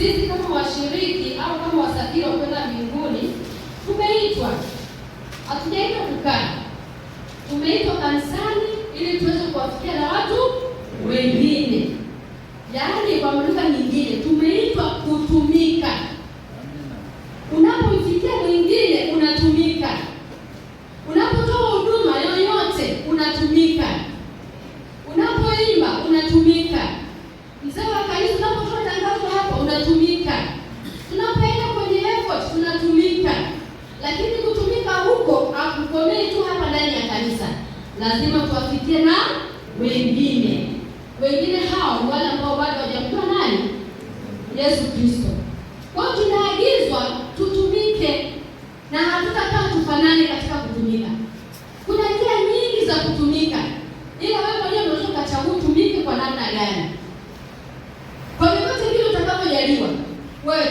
Sisi kama washiriki au kama wasafiri wa kwenda mbinguni tumeitwa, hatujaitwa dukani, tumeitwa kanisani ili tuweze kuwafikia na watu wengine, yaani kwa lugha nyingine tumeitwa kutumika. za kutumika, ila wewe mwenyewe unaweza ukachagua utumike kwa namna gani. Kwa vyovyote vile utakavyojaliwa wewe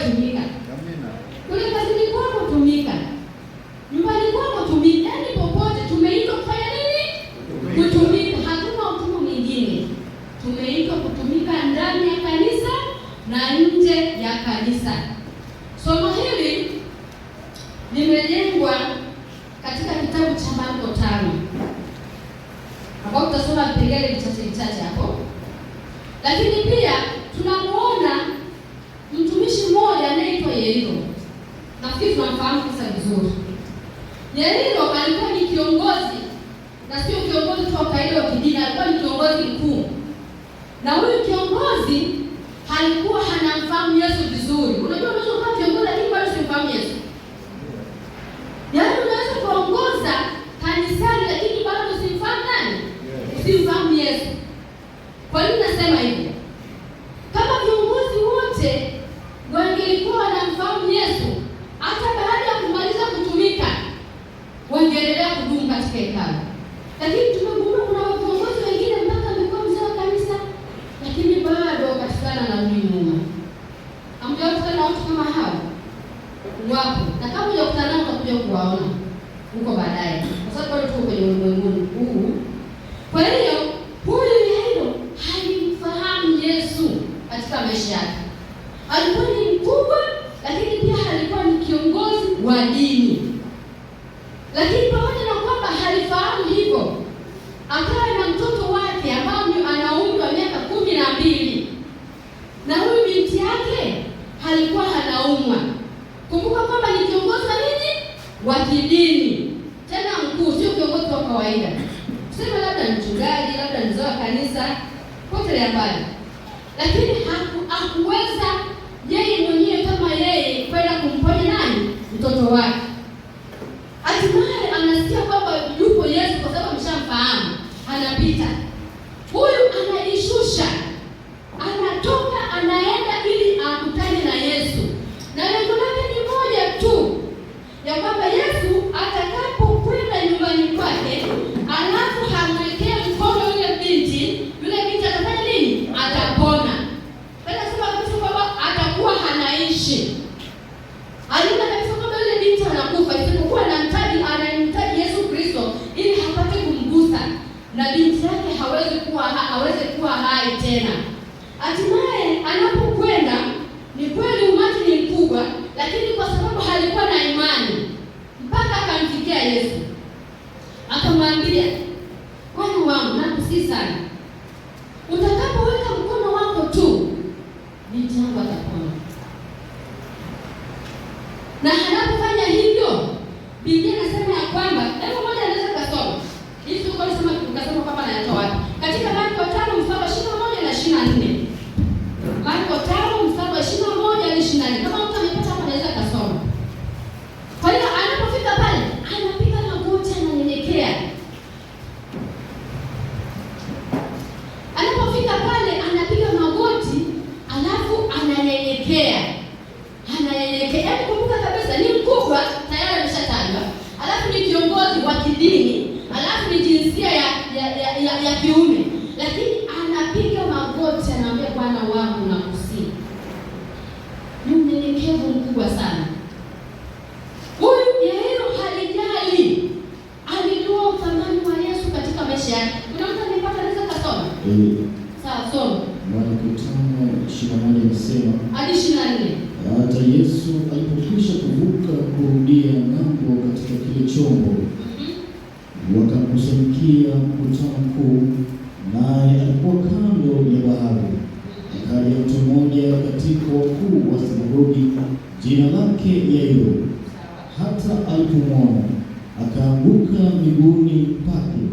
akamwinua mbinguni pake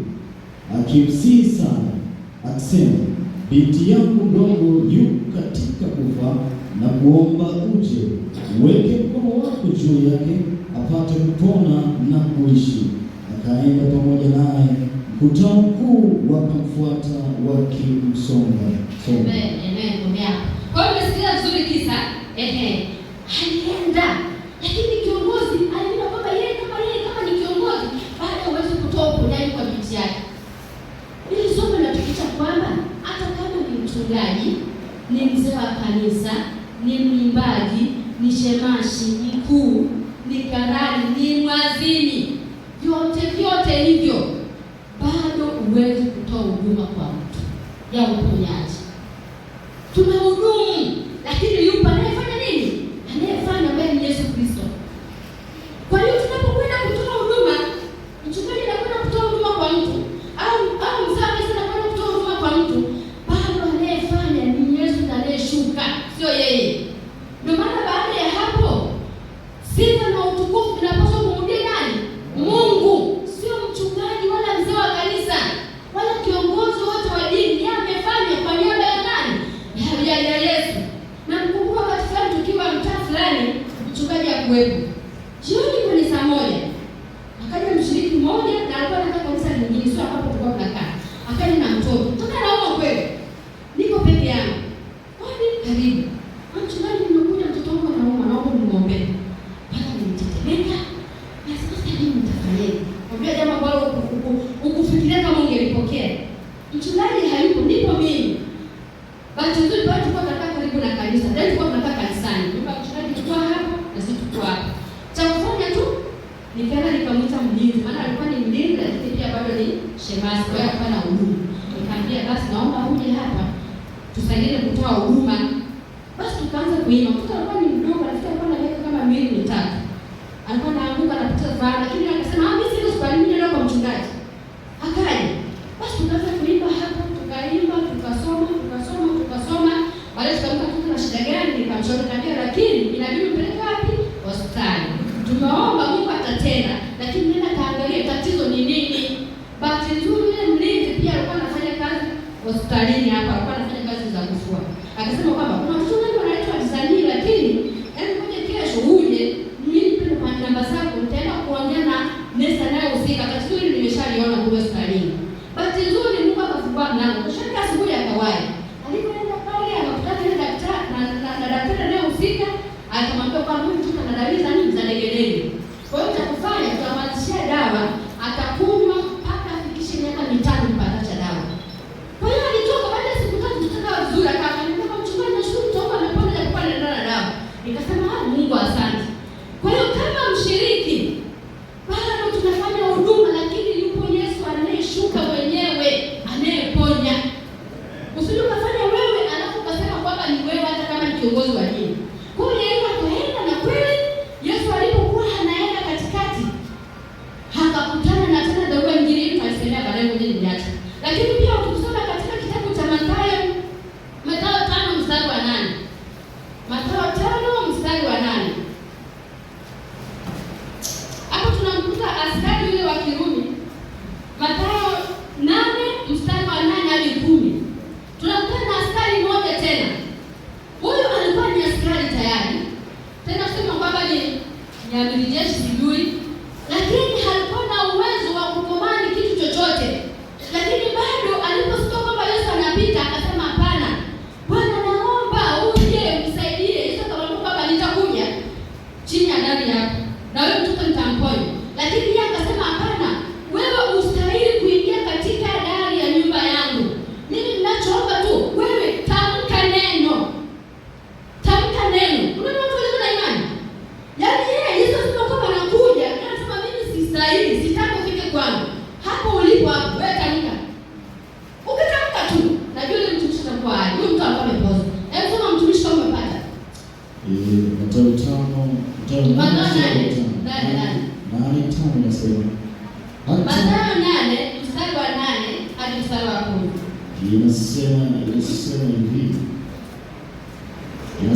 akimsihi sana akisema, binti yangu ndogo yu katika kufa, na kuomba uje uweke mkono wako juu yake apate kupona na kuishi. Akaenda pamoja naye, mkutano mkuu wakamfuata wakimsonga. alienda lakini kiongozi kwamba ni mzee wa kanisa, ni mwimbaji, ni shemashi, ni mkuu, ni karani, ni mwazini, vyote vyote hivyo bado huwezi kutoa huduma kwa mtu ya uponyaji. Tumehudumu kama ungelipokea. Mchungaji hayupo, nipo mimi. Basi tu bado tulikuwa tunakaa karibu na kanisa. Ndio tulikuwa tunakaa kanisani. Kwa mchungaji tulikuwa hapo na sisi tulikuwa hapo. Cha kufanya tu nikaenda nikamwita mlinzi, maana alikuwa ni mlinzi lakini pia bado ni shemasi, kwa hiyo alikuwa na huduma. Nikamwambia basi naomba uje hapa tusaidie kutoa huduma. Basi tukaanza kuimba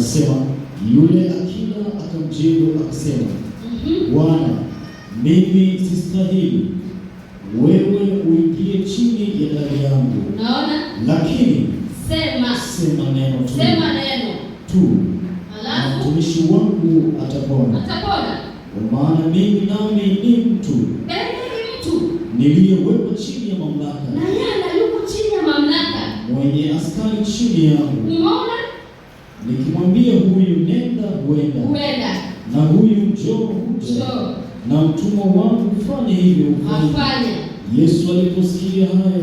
akasema. yule akila akamjibu akasema, mhm. Bwana, mimi sistahili wewe uingie chini ya dari yangu. Unaona, lakini sema sema neno tu, sema neno tu, alafu mtumishi wangu atapona, atapona. Kwa maana mimi nami ni mtu niliyewekwa chini ya mamlaka, na yeye yuko chini ya mamlaka, mwenye askari chini yangu. Umeona? nikimwambia huyu nenda, huenda, huenda. na huyu njoo, huja, na mtumwa wangu fanye hivyo, hufanya. Yesu aliposikia hayo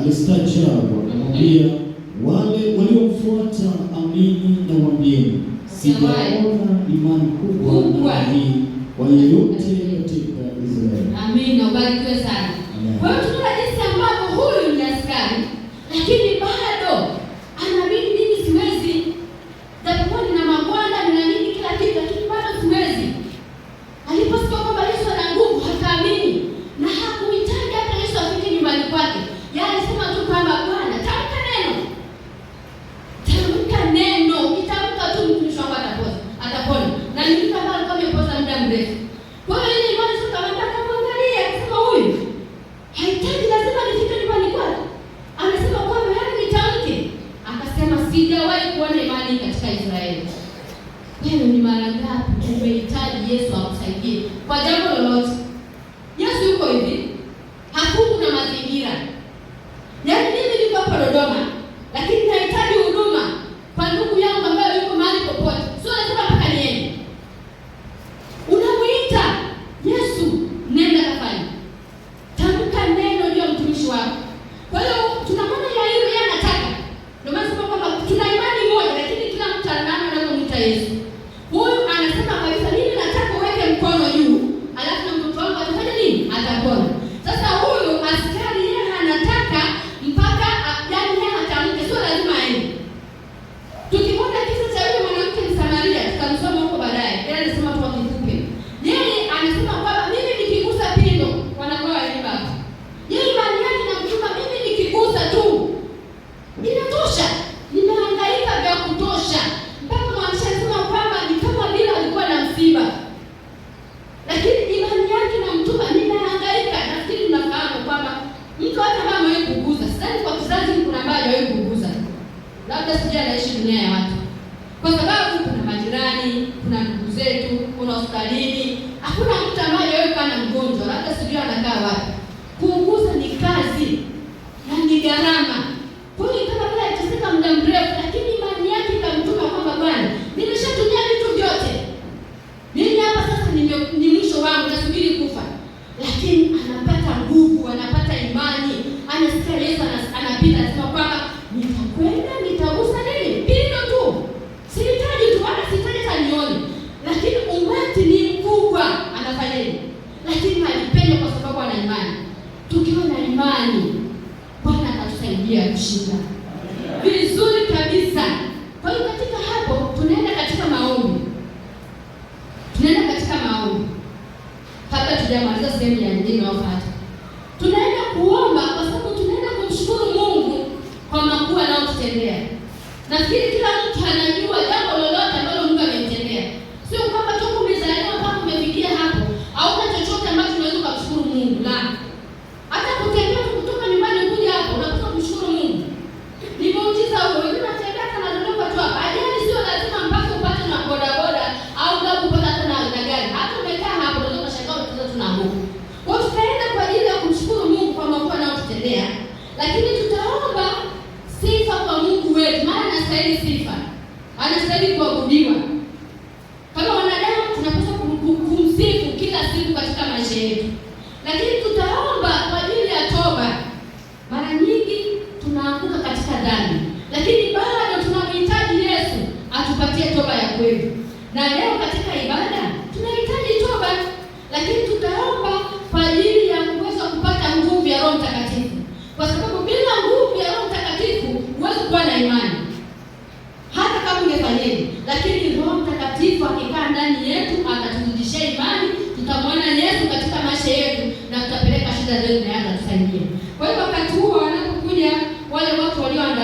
alistaajabu, akamwambia wale waliomfuata, amini na mwambieni, sijaona imani kubwa namna hii kwa yeyote katika Israeli. Amina, ubarikiwe sana. Kwa hiyo tunaona jinsi ambavyo huyu ni askari lakini tusaidie kwa jambo lolote.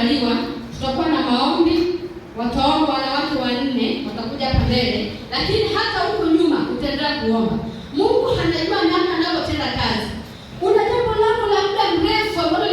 kuandaliwa, tutakuwa na maombi, wataomba wanawake wanne, watakuja hapa mbele, lakini hata huko nyuma utaendelea kuomba. Mungu anajua namna anavyotenda kazi. Una jambo lako la muda mrefu ambalo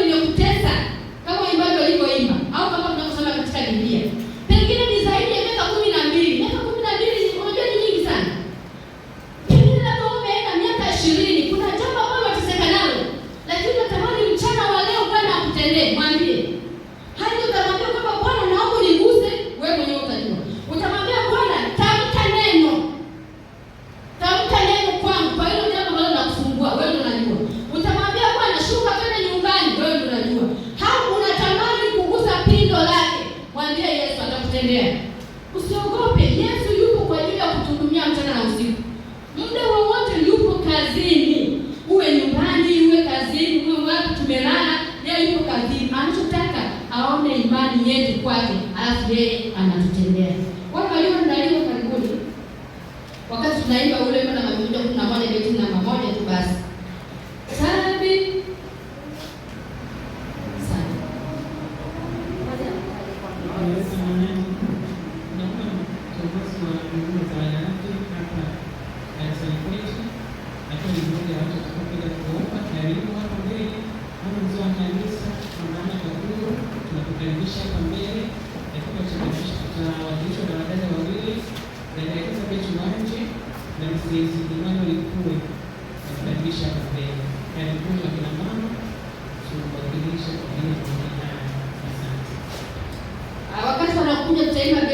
de கொஞ்சம் செய்வேன்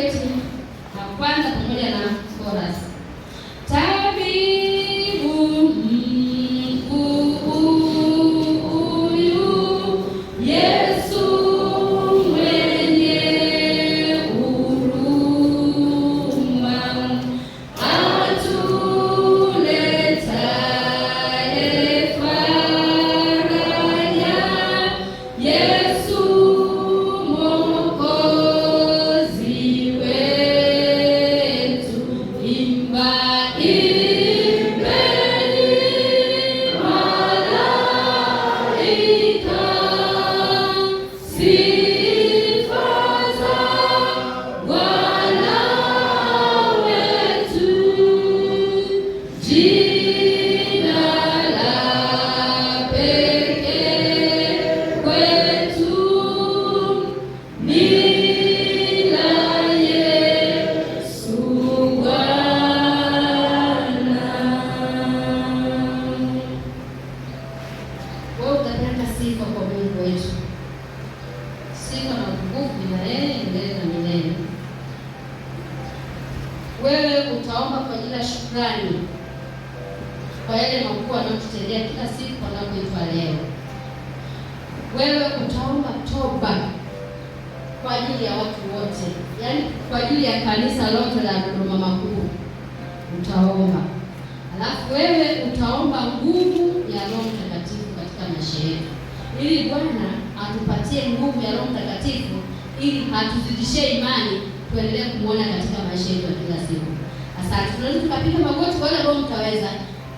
yetu ya kila siku. Asante, tunaweza tukapiga magoti Bwana Roho, mtaweza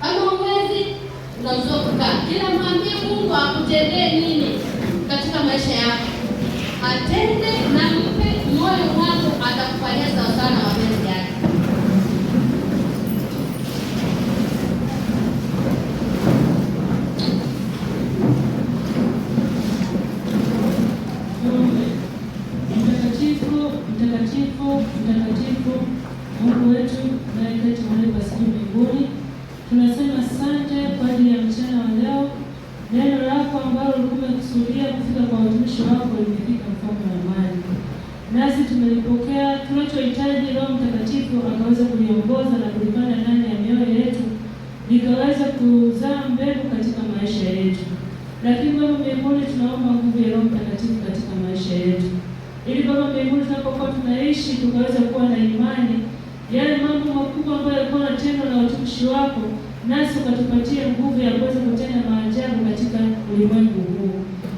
kama mwezi unamzunguka kila, mwambie Mungu akutendee nini katika maisha yako, atende na mpe moyo wako, atakufanyia sawa sana. tukaweza kuwa na imani, yale mambo makubwa ambayo yalikuwa yanatendwa na watumishi wako, nasi ukatupatia nguvu ya kuweza kutenda maajabu katika ulimwengu huu.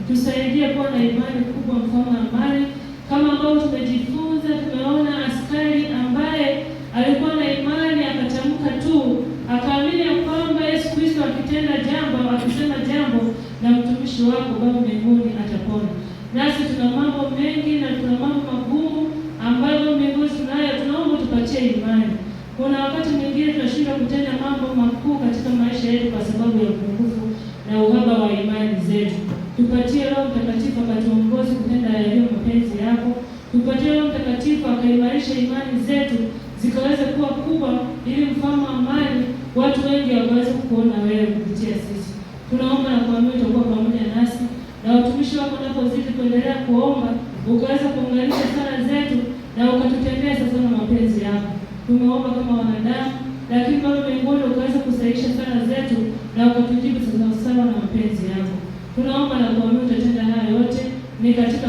Tusaidie kuwa na imani kubwa, mfano ambayo kukuona wewe kupitia sisi. Tunaomba na kuamini utakuwa pamoja nasi na watumishi wako unapozidi kuendelea kuomba, ukaweza kuunganisha sala zetu na ukatutendea sasa na mapenzi yako. Tumeomba kama wanadamu, lakini Baba mbinguni ukaweza kusahihisha sala zetu na ukatujibu sasa sawa na mapenzi yako. Tunaomba na kuamini utatenda haya yote ni katika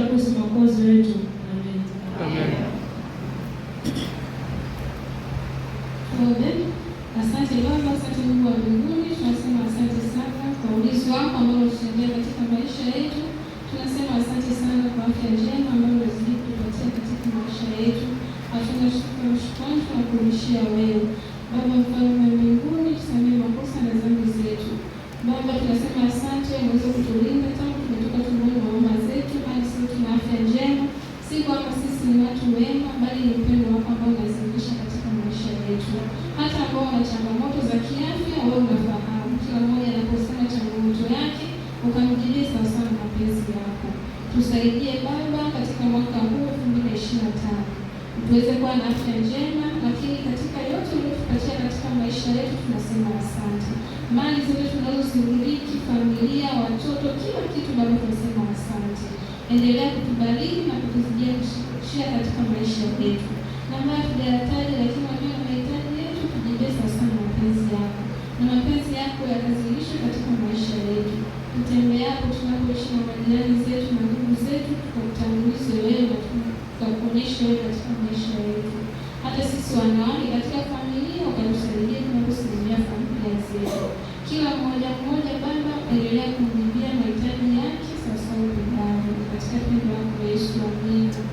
si kwamba sisi ni watu wema, bali ni upendo wako ambao unazimisha katika maisha yetu, hata ambao wana changamoto za kiafya. Wewe unafahamu kila mmoja anaposema changamoto yake, ukamjilia sawasawa na mapenzi yako. Tusaidie Baba katika mwaka huu elfu mbili na ishirini na tano tuweze kuwa na afya njema, lakini katika yote uliotupatia katika maisha yetu tunasema asante. endelea kutubariki na kutuzidia kushia katika maisha yetu, na ambayo hatujayataja, lakini wajua na mahitaji yetu, tujibesa sana mapenzi yako na mapenzi yako yakazilishwe katika maisha yetu, tutembeapo, tunapoishi na majirani zetu na ndugu zetu, tukakutangulize wewe na tukakuonyesha wewe katika maisha yetu, hata sisi wanawake katika familia ukatusaidie tunaposalimia familia zetu, kila mmoja mmoja Baba endelea Msemi wangu Yesu, amina.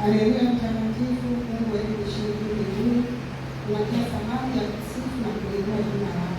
Haleluya, mtakatifu Mungu wetu, kushiriki vizuri, unatia thamani ya kusifu na kuinua jina lako.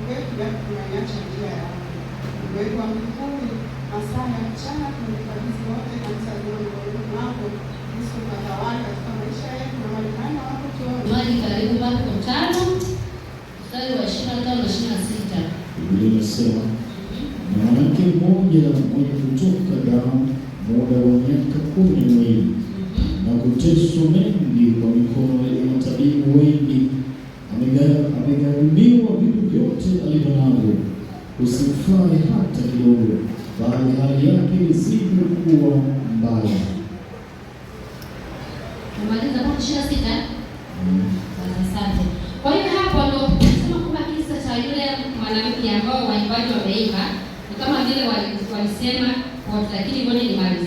yako njia yako. Ndio hivyo mbinguni, masaa ya mchana tunakabidhi wote kanisa lione mwalimu katawala katika maisha yetu na malimani wako tuone. Mali karibu Marko tano mstari wa ishirini na tano ishirini na sita Biblia inasema mwanamke mmoja mwenye kutoka damu muda wa miaka kumi na miwili na kuteswa mengi kwa mikono ya matabibu wengi amegaribiwa vyote alivyo navyo, usimfai hata kidogo, bali hali yake izidi kuwa mbaya. Eh? Mm. mwanamke ambao waimbaji wameimba ni kama vile walisema, lakini mbona ni mali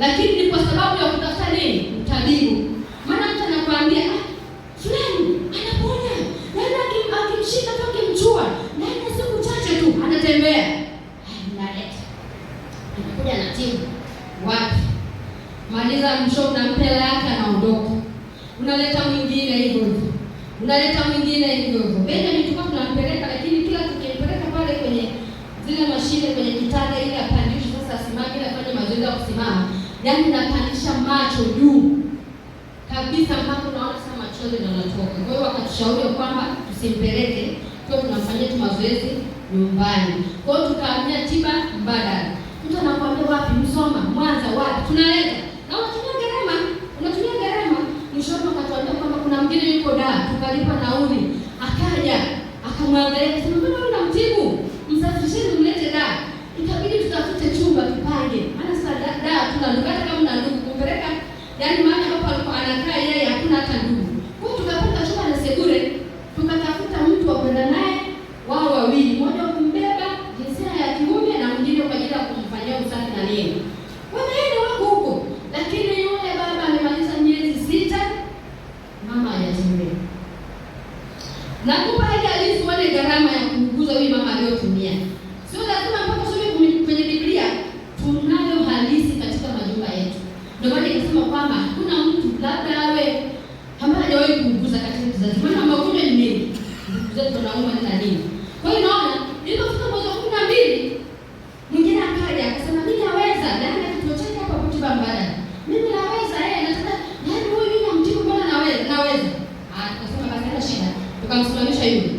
lakini ni kwa sababu ya kutafuta nini? umadık telefone aí.